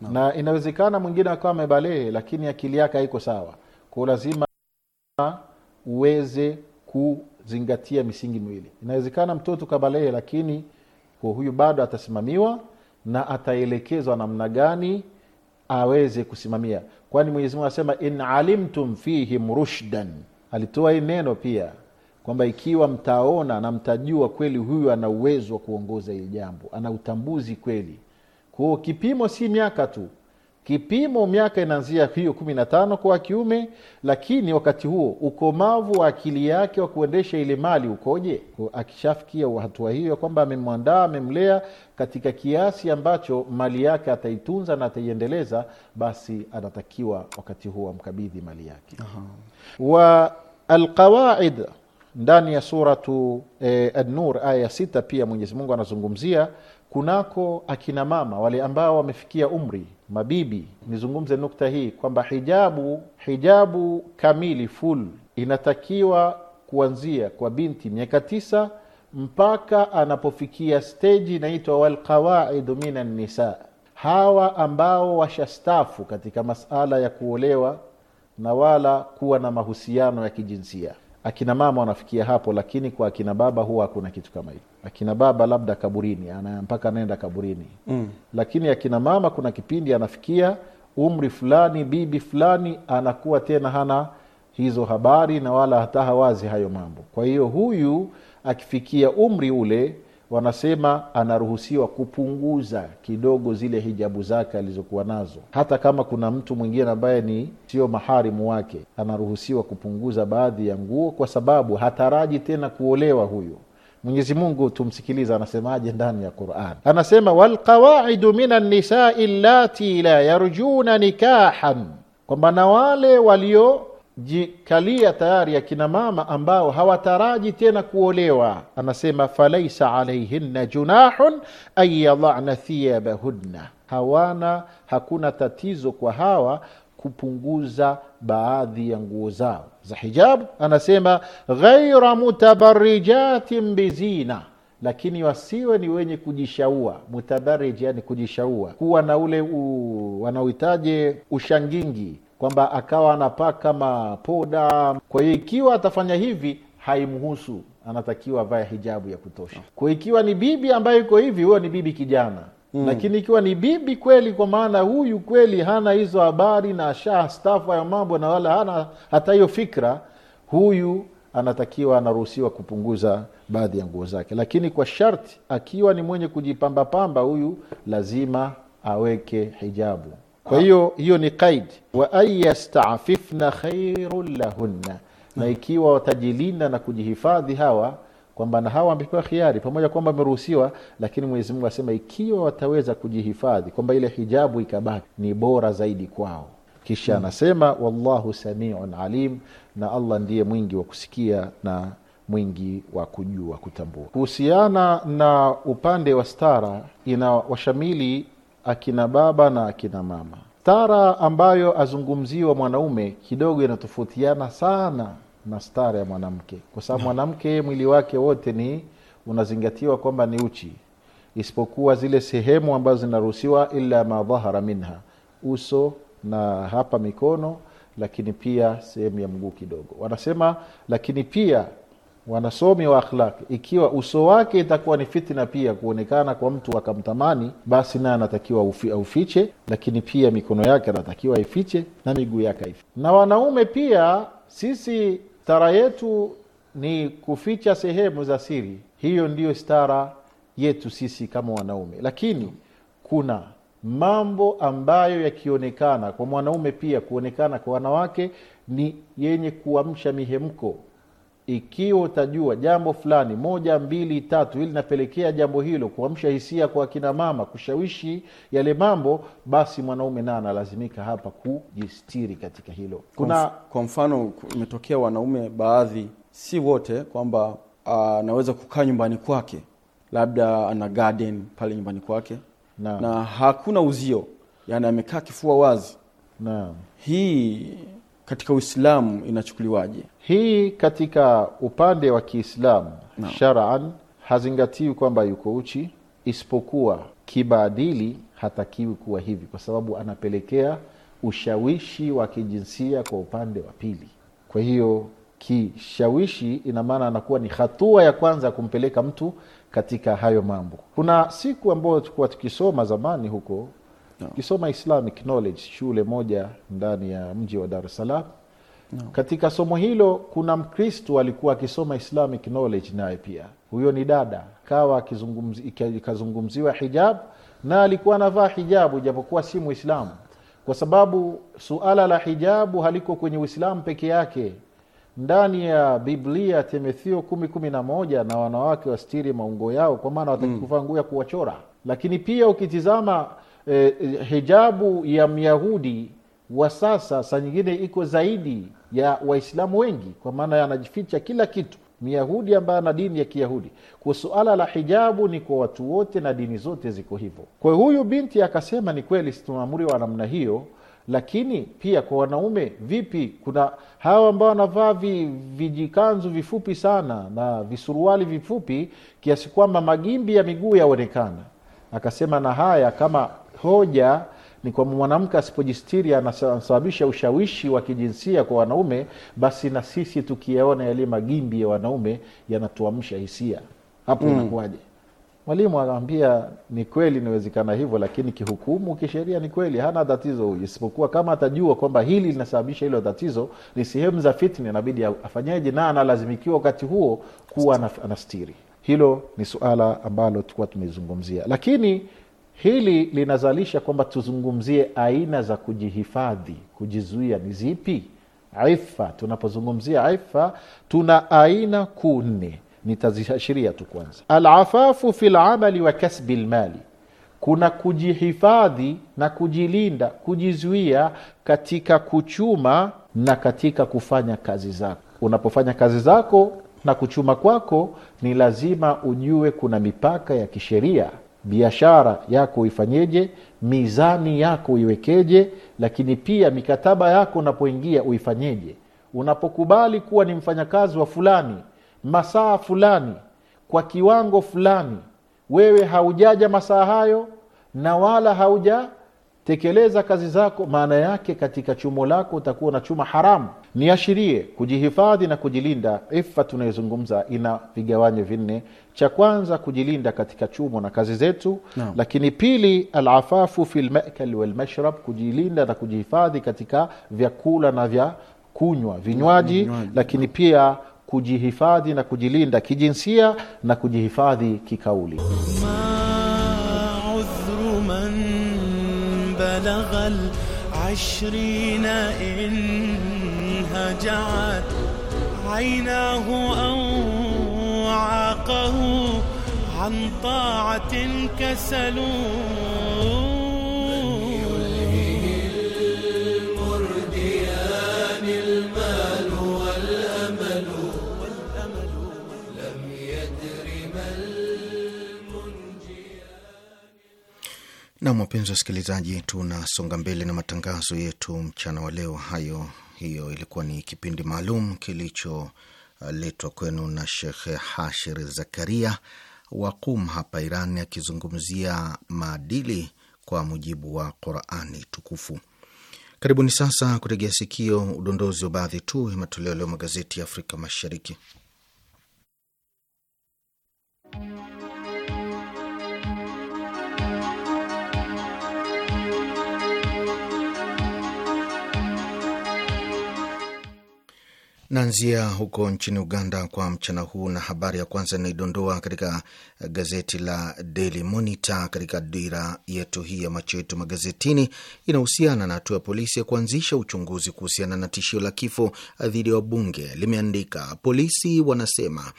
na inawezekana mwingine akawa amebalehe lakini akili yake haiko sawa kwa lazima uweze kuzingatia misingi miwili inawezekana mtoto kabalehe lakini kwa huyu bado atasimamiwa na ataelekezwa namna gani aweze kusimamia kwani mwenyezimungu anasema in alimtum fihim rushdan alitoa hii neno pia kwamba ikiwa mtaona na mtajua kweli huyu ana uwezo wa kuongoza hili jambo ana utambuzi kweli kwao kipimo si miaka tu kipimo miaka inaanzia hiyo kumi na tano kwa kiume lakini wakati huo ukomavu wa akili yake wa kuendesha ile mali ukoje akishafikia hatua hiyo ya kwamba amemwandaa amemlea katika kiasi ambacho mali yake ataitunza na ataiendeleza basi anatakiwa wakati huo amkabidhi mali yake Aha. wa alqawaid ndani ya suratu eh, annur aya ya sita pia mwenyezi mungu anazungumzia kunako akina mama wale ambao wamefikia umri, mabibi, nizungumze nukta hii kwamba hijabu, hijabu kamili ful inatakiwa kuanzia kwa binti miaka tisa mpaka anapofikia steji inaitwa walqawaidu min annisa hawa ambao washastafu katika masala ya kuolewa na wala kuwa na mahusiano ya kijinsia akina mama wanafikia hapo lakini kwa akina baba huwa hakuna kitu kama hiyo akina baba labda kaburini ana, mpaka anaenda kaburini mm. lakini akina mama kuna kipindi anafikia umri fulani bibi fulani anakuwa tena hana hizo habari na wala hata hawazi hayo mambo kwa hiyo huyu akifikia umri ule wanasema anaruhusiwa kupunguza kidogo zile hijabu zake alizokuwa nazo, hata kama kuna mtu mwingine ambaye ni sio maharimu wake, anaruhusiwa kupunguza baadhi ya nguo, kwa sababu hataraji tena kuolewa huyu. Mwenyezi Mungu tumsikiliza, anasemaje ndani ya Quran? Anasema, walqawaidu min annisai llati la yarjuna nikahan, kwamba na wale walio jikalia tayari kina mama ambao hawataraji tena kuolewa, anasema falaisa alaihinna junahun an yadana thiyabahunna, hawana hakuna tatizo kwa hawa kupunguza baadhi ya nguo zao za hijabu. Anasema ghaira mutabarijatin bizina lakini wasiwe ni wenye kujishaua. Mutabarij yani kujishaua, kuwa na ule wanaohitaji ushangingi kwamba akawa anapaka mapoda. Kwa hiyo ikiwa atafanya hivi haimhusu, anatakiwa avae hijabu ya kutosha. Kwa ikiwa ni bibi ambayo iko hivi, huyo ni bibi kijana mm. Lakini ikiwa ni bibi kweli, kwa maana huyu kweli hana hizo habari na asha stafu mambo, na wala hana hata hiyo fikra, huyu anatakiwa anaruhusiwa kupunguza baadhi ya nguo zake, lakini kwa sharti, akiwa ni mwenye kujipambapamba, huyu lazima aweke hijabu. Kwa hiyo hiyo ni qaid, wa an yastafifna khairun lahunna, na ikiwa watajilinda na kujihifadhi hawa kwamba na hawa wamepewa khiari pamoja kwamba wameruhusiwa, lakini Mwenyezi Mungu asema ikiwa wataweza kujihifadhi kwamba ile hijabu ikabaki ni bora zaidi kwao. Kisha hmm. anasema hmm, wallahu samiun alim, na Allah ndiye mwingi wa kusikia na mwingi wa kujua kutambua. Kuhusiana na upande wa stara, ina washamili akina baba na akina mama. Stara ambayo azungumziwa mwanaume kidogo inatofautiana sana na stara ya mwanamke, kwa sababu mwanamke mwili wake wote ni unazingatiwa kwamba ni uchi, isipokuwa zile sehemu ambazo zinaruhusiwa, illa ma dhahara minha, uso na hapa mikono, lakini pia sehemu ya mguu kidogo. Wanasema lakini pia wanasomi wa akhlaq ikiwa uso wake itakuwa ni fitna pia kuonekana kwa mtu akamtamani, basi naye anatakiwa ufi, aufiche, lakini pia mikono yake anatakiwa aifiche na miguu yake ifiche Na wanaume pia sisi stara yetu ni kuficha sehemu za siri, hiyo ndiyo stara yetu sisi kama wanaume, lakini kuna mambo ambayo yakionekana kwa mwanaume pia kuonekana kwa wanawake ni yenye kuamsha mihemko ikiwa utajua jambo fulani moja mbili tatu ili linapelekea jambo hilo kuamsha hisia kwa akina mama, kushawishi yale mambo, basi mwanaume naye analazimika hapa kujistiri katika hilo. Kuna kwa mfano, imetokea wanaume baadhi, si wote, kwamba ah, anaweza kukaa nyumbani kwake, labda ana garden pale nyumbani kwake na, na hakuna uzio, yani amekaa kifua wazi na. Hii katika Uislamu inachukuliwaje hii? Katika upande wa Kiislamu no. shar'an hazingatiwi kwamba yuko uchi, isipokuwa kibaadili hatakiwi kuwa hivi, kwa sababu anapelekea ushawishi wa kijinsia kwa upande wa pili. Kwa hiyo kishawishi, ina maana anakuwa ni hatua ya kwanza ya kumpeleka mtu katika hayo mambo. Kuna siku ambayo tulikuwa tukisoma zamani huko no. Islamic Knowledge, shule moja ndani ya mji wa Dar es Salaam no. Katika somo hilo kuna Mkristo alikuwa akisoma Islamic Knowledge naye pia, huyo ni dada, kawa ikazungumziwa hijab na alikuwa anavaa hijabu japokuwa si Muislamu, kwa sababu suala la hijabu haliko kwenye Uislamu peke yake ndani ya Biblia Timotheo kumi kumi na moja na wanawake wastiri maungo yao, kwa maana watakufaa mm. nguo ya kuwachora. Lakini pia ukitizama eh, hijabu ya myahudi wa sasa saa nyingine iko zaidi ya waislamu wengi kwa maana anajificha kila kitu myahudi ambaye ana dini ya kiyahudi kwa suala la hijabu ni kwa watu wote na dini zote ziko hivyo kwa huyu binti akasema ni kweli wa namna hiyo lakini pia kwa wanaume vipi kuna hawa ambao wanavaa vi, vijikanzu vifupi sana na visuruali vifupi kiasi kwamba magimbi ya miguu yaonekana akasema na haya kama hoja ni kwa mwanamke asipojistiri anasababisha ushawishi wa kijinsia kwa wanaume, basi na sisi tukiyaona yaliye magimbi ya wanaume yanatuamsha hisia, hapo mm. inakuwaje? Mwalimu anawambia ni kweli, inawezekana hivyo, lakini kihukumu, kisheria ni kweli, hana tatizo huyu, isipokuwa kama atajua kwamba hili linasababisha hilo tatizo, ni sehemu za fitna, inabidi afanyeje? Na analazimikiwa wakati huo kuwa anastiri hilo ni suala ambalo tulikuwa tumezungumzia lakini hili linazalisha kwamba tuzungumzie aina za kujihifadhi kujizuia ni zipi ifa tunapozungumzia ifa tuna aina kuu nne nitaziashiria tu kwanza alafafu fi lamali wa kasbi lmali kuna kujihifadhi na kujilinda kujizuia katika kuchuma na katika kufanya kazi zako unapofanya kazi zako na kuchuma kwako, ni lazima ujue kuna mipaka ya kisheria. Biashara yako uifanyeje, mizani yako uiwekeje, lakini pia mikataba yako unapoingia uifanyeje. Unapokubali kuwa ni mfanyakazi wa fulani, masaa fulani, kwa kiwango fulani, wewe haujaja masaa hayo na wala hauja tekeleza kazi zako, maana yake katika chumo lako utakuwa na chuma haramu. Niashirie kujihifadhi na kujilinda. Ifa tunayozungumza ina vigawanyo vinne. Cha kwanza kujilinda katika chumo na kazi zetu no. Lakini pili, alafafu fi lmakal walmashrab, kujilinda na kujihifadhi katika vyakula na vya kunywa vinywaji no, lakini pia kujihifadhi na kujilinda kijinsia na kujihifadhi kikauli بلغ العشرين إن هجعت عيناه أو عاقه عن طاعة كسلوه Nam, wapenzi wasikilizaji, tunasonga mbele na matangazo yetu mchana wa leo. Hayo hiyo ilikuwa ni kipindi maalum kilicholetwa kwenu na Shekh Hashir Zakaria wa Qum hapa Iran, akizungumzia maadili kwa mujibu wa Qurani Tukufu. Karibuni sasa kutegea sikio udondozi wa baadhi tu ya matoleo leo magazeti ya Afrika Mashariki. Naanzia huko nchini Uganda kwa mchana huu, na habari ya kwanza inaidondoa katika gazeti la Daily Monitor katika dira yetu hii ya macho yetu magazetini, inahusiana na hatua ya polisi ya kuanzisha uchunguzi kuhusiana na tishio la kifo dhidi ya wabunge. Limeandika polisi wanasema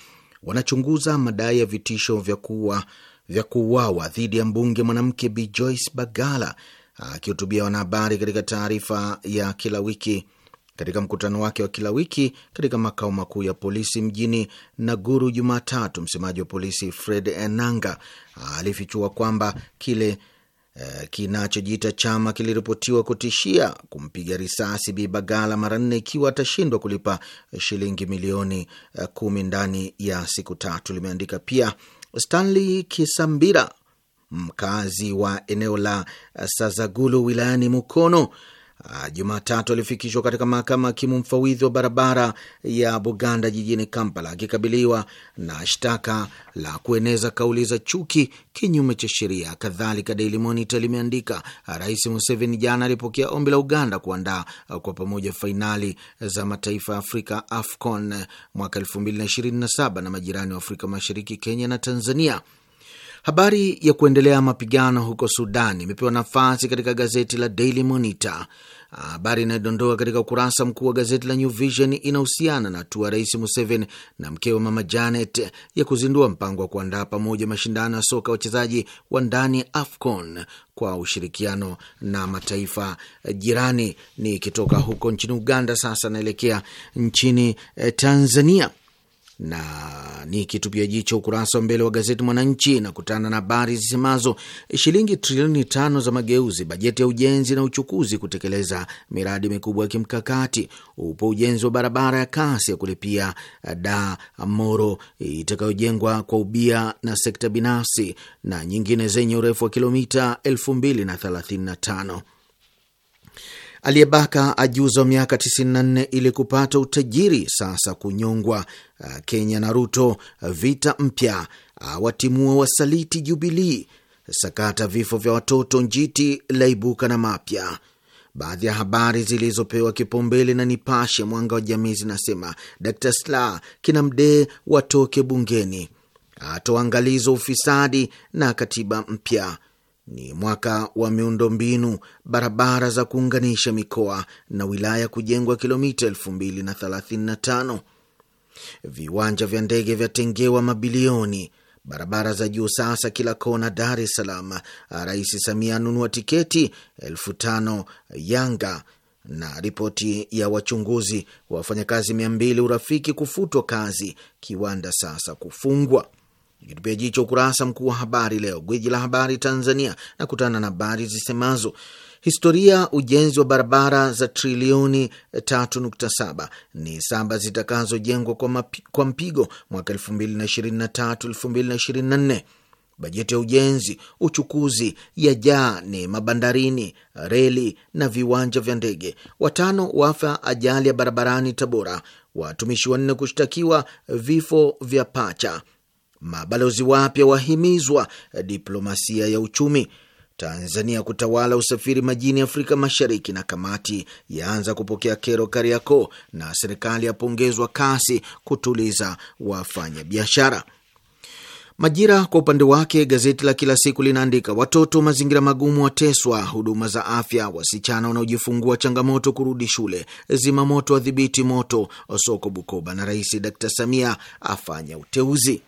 wanachunguza madai ya vitisho vya kuwa vya kuuawa dhidi ya mbunge mwanamke Bi Joyce Bagala akihutubia wanahabari katika taarifa ya kila wiki katika mkutano wake wa kila wiki katika makao makuu ya polisi mjini Naguru Jumatatu, msemaji wa polisi Fred Enanga alifichua kwamba kile uh, kinachojiita chama kiliripotiwa kutishia kumpiga risasi Bi Bagala mara nne ikiwa atashindwa kulipa eh, shilingi milioni uh, kumi ndani ya siku tatu, limeandika pia. Stanley Kisambira mkazi wa eneo la Sazagulu wilayani Mukono Ah, Jumatatu alifikishwa katika mahakama hakimu mfawidhi wa barabara ya Buganda jijini Kampala akikabiliwa na shtaka la kueneza kauli za chuki kinyume cha sheria. Kadhalika, Daily Monitor limeandika Rais Museveni jana alipokea ombi la Uganda kuandaa kwa pamoja fainali za mataifa ya Afrika AFCON mwaka 227 na majirani wa Afrika Mashariki, Kenya na Tanzania. Habari ya kuendelea mapigano huko Sudan imepewa nafasi katika gazeti la Daily Monitor. Habari inayodondoka katika ukurasa mkuu wa gazeti la New Vision inahusiana na hatua Rais Museveni na mkewe Mama Janet ya kuzindua mpango wa kuandaa pamoja mashindano ya soka wachezaji wa ndani AFCON kwa ushirikiano na mataifa jirani. Nikitoka huko nchini Uganda, sasa naelekea nchini eh, Tanzania na ni kitupia jicho ukurasa wa mbele wa gazeti Mwananchi na kutana na habari zisemazo shilingi trilioni tano za mageuzi bajeti ya ujenzi na uchukuzi kutekeleza miradi mikubwa ya kimkakati. Upo ujenzi wa barabara ya kasi ya kulipia da Moro itakayojengwa kwa ubia na sekta binafsi na nyingine zenye urefu wa kilomita elfu mbili na thelathini na tano aliyebaka ajuzwa wa miaka 94 ili kupata utajiri, sasa kunyongwa. Ah, Kenya na Ruto vita mpya, awatimua ah, wasaliti Jubilii. Sakata vifo vya watoto njiti laibuka na mapya. Baadhi ya habari zilizopewa kipaumbele na Nipashe Mwanga wa Jamii zinasema d sla kina Mdee watoke bungeni, atoangalizwa ufisadi na katiba mpya ni mwaka wa miundombinu, barabara za kuunganisha mikoa na wilaya kujengwa kilomita tano viwanja vya ndege vyatengewa mabilioni, barabara za juu sasa kila kona Dar es Salaam, Rais Samia anunua tiketi elfu tano Yanga na ripoti ya wachunguzi wa wafanyakazi mia mbili urafiki kufutwa kazi, kiwanda sasa kufungwa. Nikitupia jicho ukurasa mkuu wa habari leo, gwiji la habari Tanzania, na kutana na habari zisemazo historia ujenzi wa barabara za trilioni 3.7 ni saba zitakazojengwa kwa, kwa mpigo mwaka 2023 2024. Bajeti ya ujenzi, uchukuzi yajaa ni mabandarini reli na viwanja vya ndege. Watano wafa ajali ya barabarani Tabora. Watumishi wanne kushtakiwa vifo vya pacha. Mabalozi wapya wahimizwa diplomasia ya uchumi. Tanzania kutawala usafiri majini Afrika Mashariki, na kamati yaanza kupokea kero Kariakoo, na serikali yapongezwa kasi kutuliza wafanyabiashara. Majira kwa upande wake, gazeti la kila siku linaandika watoto mazingira magumu wateswa, huduma za afya, wasichana wanaojifungua changamoto kurudi shule, zimamoto adhibiti moto, soko Bukoba, na Rais Dkt Samia afanya uteuzi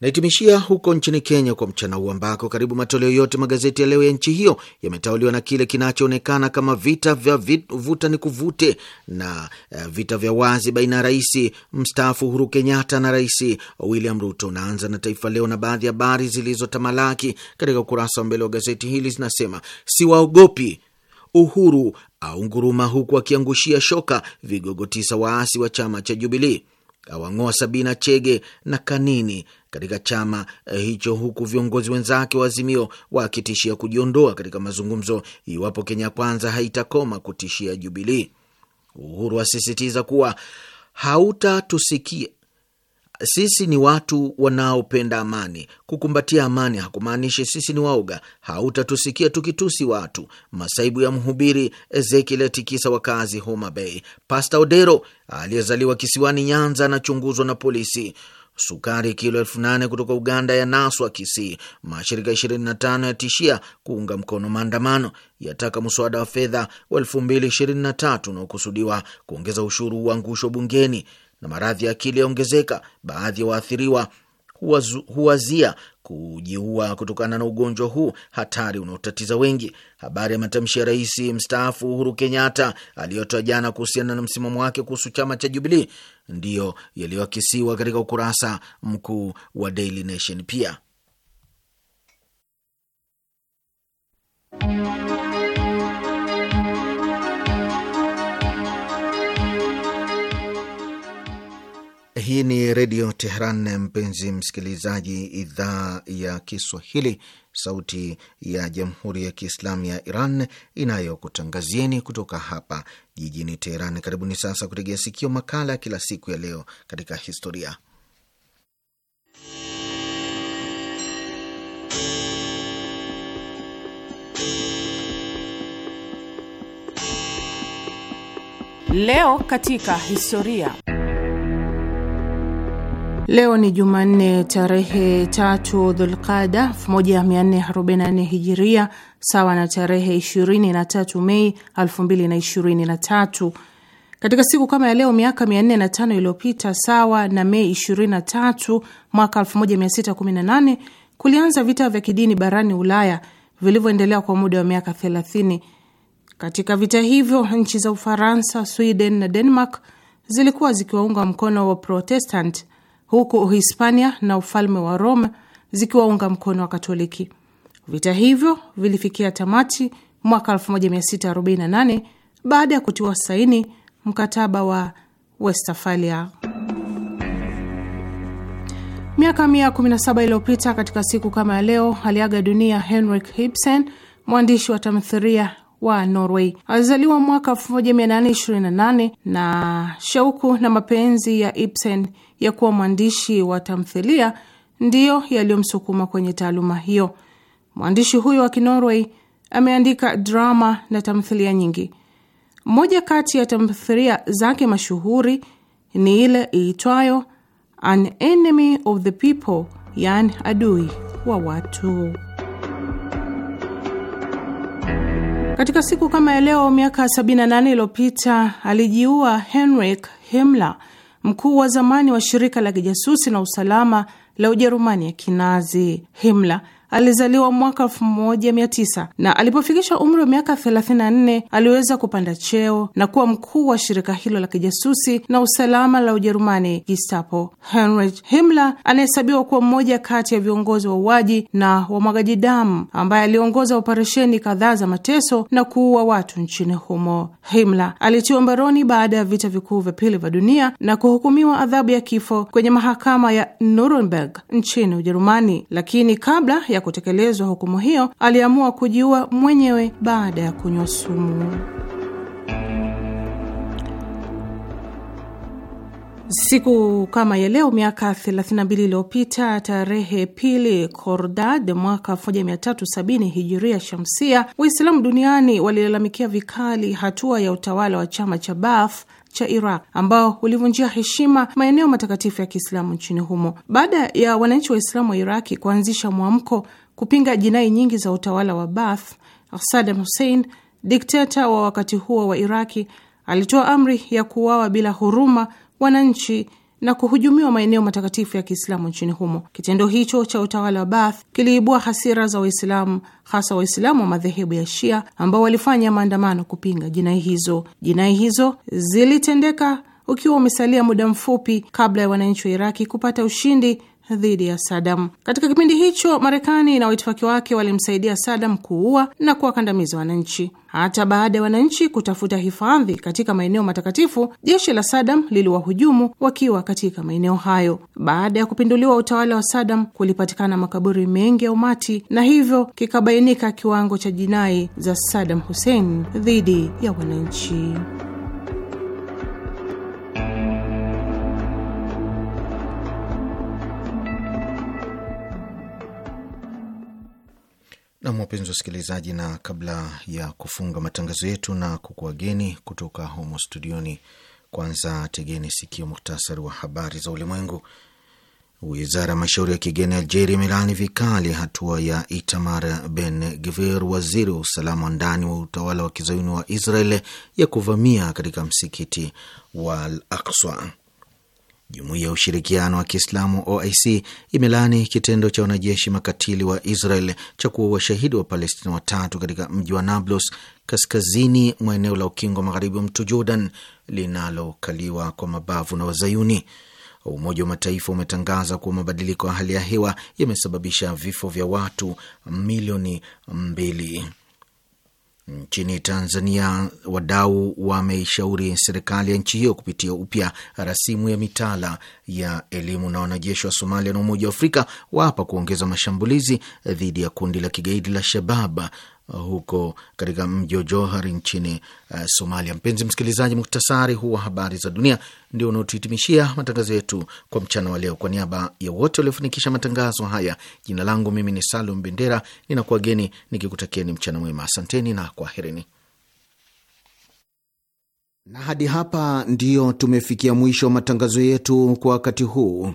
Nahitimishia huko nchini Kenya kwa mchana huu ambako karibu matoleo yote magazeti ya leo ya nchi hiyo yametawaliwa na kile kinachoonekana kama vita vya vuta ni kuvute na eh, vita vya wazi baina ya rais mstaafu Uhuru Kenyatta na rais William Ruto. Naanza na Taifa Leo na baadhi ya habari zilizotamalaki katika ukurasa wa mbele wa gazeti hili zinasema: siwaogopi Uhuru aunguruma huku akiangushia shoka vigogo tisa waasi wa chama cha Jubilii, awang'oa Sabina Chege na Kanini katika chama eh, hicho, huku viongozi wenzake wa Azimio wakitishia kujiondoa katika mazungumzo iwapo Kenya Kwanza haitakoma kutishia Jubilii. Uhuru asisitiza kuwa hautatusikia sisi ni watu wanaopenda amani. Kukumbatia amani hakumaanishi sisi ni waoga. Hautatusikia tukitusi watu. Masaibu ya mhubiri Ezekiel Tikisa, wakazi Homa Bay. Pasta Odero aliyezaliwa kisiwani Nyanza anachunguzwa na polisi sukari kilo elfu nane kutoka Uganda ya naswa Kisii. Mashirika 25 yatishia kuunga mkono maandamano, yataka mswada wa fedha wa tatu unaokusudiwa kuongeza ushuru wa ngusho bungeni. Na maradhi ya akili yaongezeka, baadhi ya waathiriwa huwazia kujiua kutokana na ugonjwa huu hatari unaotatiza wengi. Habari ya matamshi ya rais mstaafu Uhuru Kenyatta aliyotoa jana kuhusiana na msimamo wake kuhusu chama cha Jubilii ndiyo yaliyoakisiwa katika ukurasa mkuu wa Daily Nation pia Hii ni Redio Tehran, mpenzi msikilizaji, idhaa ya Kiswahili, sauti ya Jamhuri ya Kiislamu ya Iran inayokutangazieni kutoka hapa jijini Teheran. Karibuni sasa kutegea sikio makala ya kila siku ya leo katika historia Leo katika historia Leo ni Jumanne tarehe tatu Dhulqada 1444 Hijiria, sawa na tarehe 23 Mei 2023. Katika siku kama ya leo miaka 405 iliyopita, sawa na Mei 23 mwaka 1618, kulianza vita vya kidini barani Ulaya vilivyoendelea kwa muda wa miaka 30. Katika vita hivyo nchi za Ufaransa, Sweden na Denmark zilikuwa zikiwaunga mkono wa Protestant huku Uhispania na ufalme wa Roma zikiwaunga mkono wa Katoliki. Vita hivyo vilifikia tamati mwaka 1648 baada ya kutiwa saini mkataba wa Westfalia. Miaka 117 iliyopita katika siku kama ya leo aliaga dunia Henrik Ibsen, mwandishi wa tamthiria wa Norway. Alizaliwa mwaka 1828 na shauku na mapenzi ya Ibsen ya kuwa mwandishi wa tamthilia ndiyo yaliyomsukuma kwenye taaluma hiyo. Mwandishi huyo wa Kinorway ameandika drama na tamthilia nyingi. Moja kati ya tamthilia zake mashuhuri ni ile iitwayo An Enemy of the People, yani adui wa watu. Katika siku kama ya leo miaka 78 iliyopita alijiua Henrik Himmler, mkuu wa zamani wa shirika la kijasusi na usalama la Ujerumani ya Kinazi. Himmler Alizaliwa mwaka 1900 na alipofikisha umri wa miaka 34 aliweza kupanda cheo na kuwa mkuu wa shirika hilo la kijasusi na usalama la Ujerumani, Gestapo. Heinrich Himmler anahesabiwa kuwa mmoja kati ya viongozi wa uaji na wamwagaji damu ambaye aliongoza operesheni kadhaa za mateso na kuua watu nchini humo. Himmler alitiwa mbaroni baada ya vita vikuu vya pili vya dunia na kuhukumiwa adhabu ya kifo kwenye mahakama ya Nuremberg nchini Ujerumani, lakini kabla ya kutekelezwa hukumu hiyo aliamua kujiua mwenyewe baada ya kunywa sumu. Siku kama ya leo miaka 32 iliyopita tarehe pili Kordad mwaka 1370 hijiria shamsia, Waislamu duniani walilalamikia vikali hatua ya utawala wa chama cha Baath cha Iraq ambao ulivunjia heshima maeneo matakatifu ya Kiislamu nchini humo baada ya wananchi wa islamu wa Iraki kuanzisha mwamko kupinga jinai nyingi za utawala wa Baath. Saddam Hussein, dikteta wa wakati huo wa Iraki, alitoa amri ya kuuawa bila huruma wananchi na kuhujumiwa maeneo matakatifu ya Kiislamu nchini humo. Kitendo hicho cha utawala wa Baath kiliibua hasira za Waislamu, hasa Waislamu wa madhehebu ya Shia ambao walifanya maandamano kupinga jinai hizo. Jinai hizo zilitendeka ukiwa umesalia muda mfupi kabla ya wananchi wa Iraki kupata ushindi dhidi ya Sadam. Katika kipindi hicho, Marekani na waitifaki wake walimsaidia Sadam kuua na kuwakandamiza wananchi. Hata baada ya wananchi kutafuta hifadhi katika maeneo matakatifu, jeshi la Sadam liliwahujumu wakiwa katika maeneo hayo. Baada ya kupinduliwa utawala wa Sadam, kulipatikana makaburi mengi ya umati na hivyo kikabainika kiwango cha jinai za Sadam Hussein dhidi ya wananchi. Nam, wapenzi wasikilizaji, na kabla ya kufunga matangazo yetu na kukuageni kutoka humo studioni, kwanza tegeni sikio muhtasari wa habari za ulimwengu. Wizara ya mashauri ya kigeni Algeria imelaani vikali hatua ya Itamar Ben Gvir, waziri wa usalama wa ndani wa utawala wa kizayuni wa Israel, ya kuvamia katika msikiti wa Al Akswa. Jumuiya ya Ushirikiano wa Kiislamu OIC imelaani kitendo cha wanajeshi makatili wa Israel cha kuwa washahidi wa Palestina watatu katika mji wa Nablus kaskazini mwa eneo la ukingo magharibi wa mto Jordan linalokaliwa kwa mabavu na Wazayuni. Umoja wa Mataifa umetangaza kuwa mabadiliko ya hali ya hewa yamesababisha vifo vya watu milioni mbili. Nchini Tanzania, wadau wameishauri serikali ya nchi hiyo kupitia upya rasimu ya mitaala ya elimu. Na wanajeshi wa Somalia na Umoja wa Afrika wapa kuongeza mashambulizi dhidi ya kundi la kigaidi la Shabab Uh, huko katika mji wa Johari nchini uh, Somalia. Mpenzi msikilizaji, muktasari huu wa habari za dunia ndio unaotuhitimishia matangazo yetu kwa mchana wa leo. Kwa niaba ya wote waliofanikisha matangazo haya, jina langu mimi ni Salum Bendera, nikikutakia nikikutakieni mchana mwema. Asanteni na kwaherini. Na hadi hapa ndiyo tumefikia mwisho wa matangazo yetu kwa wakati huu.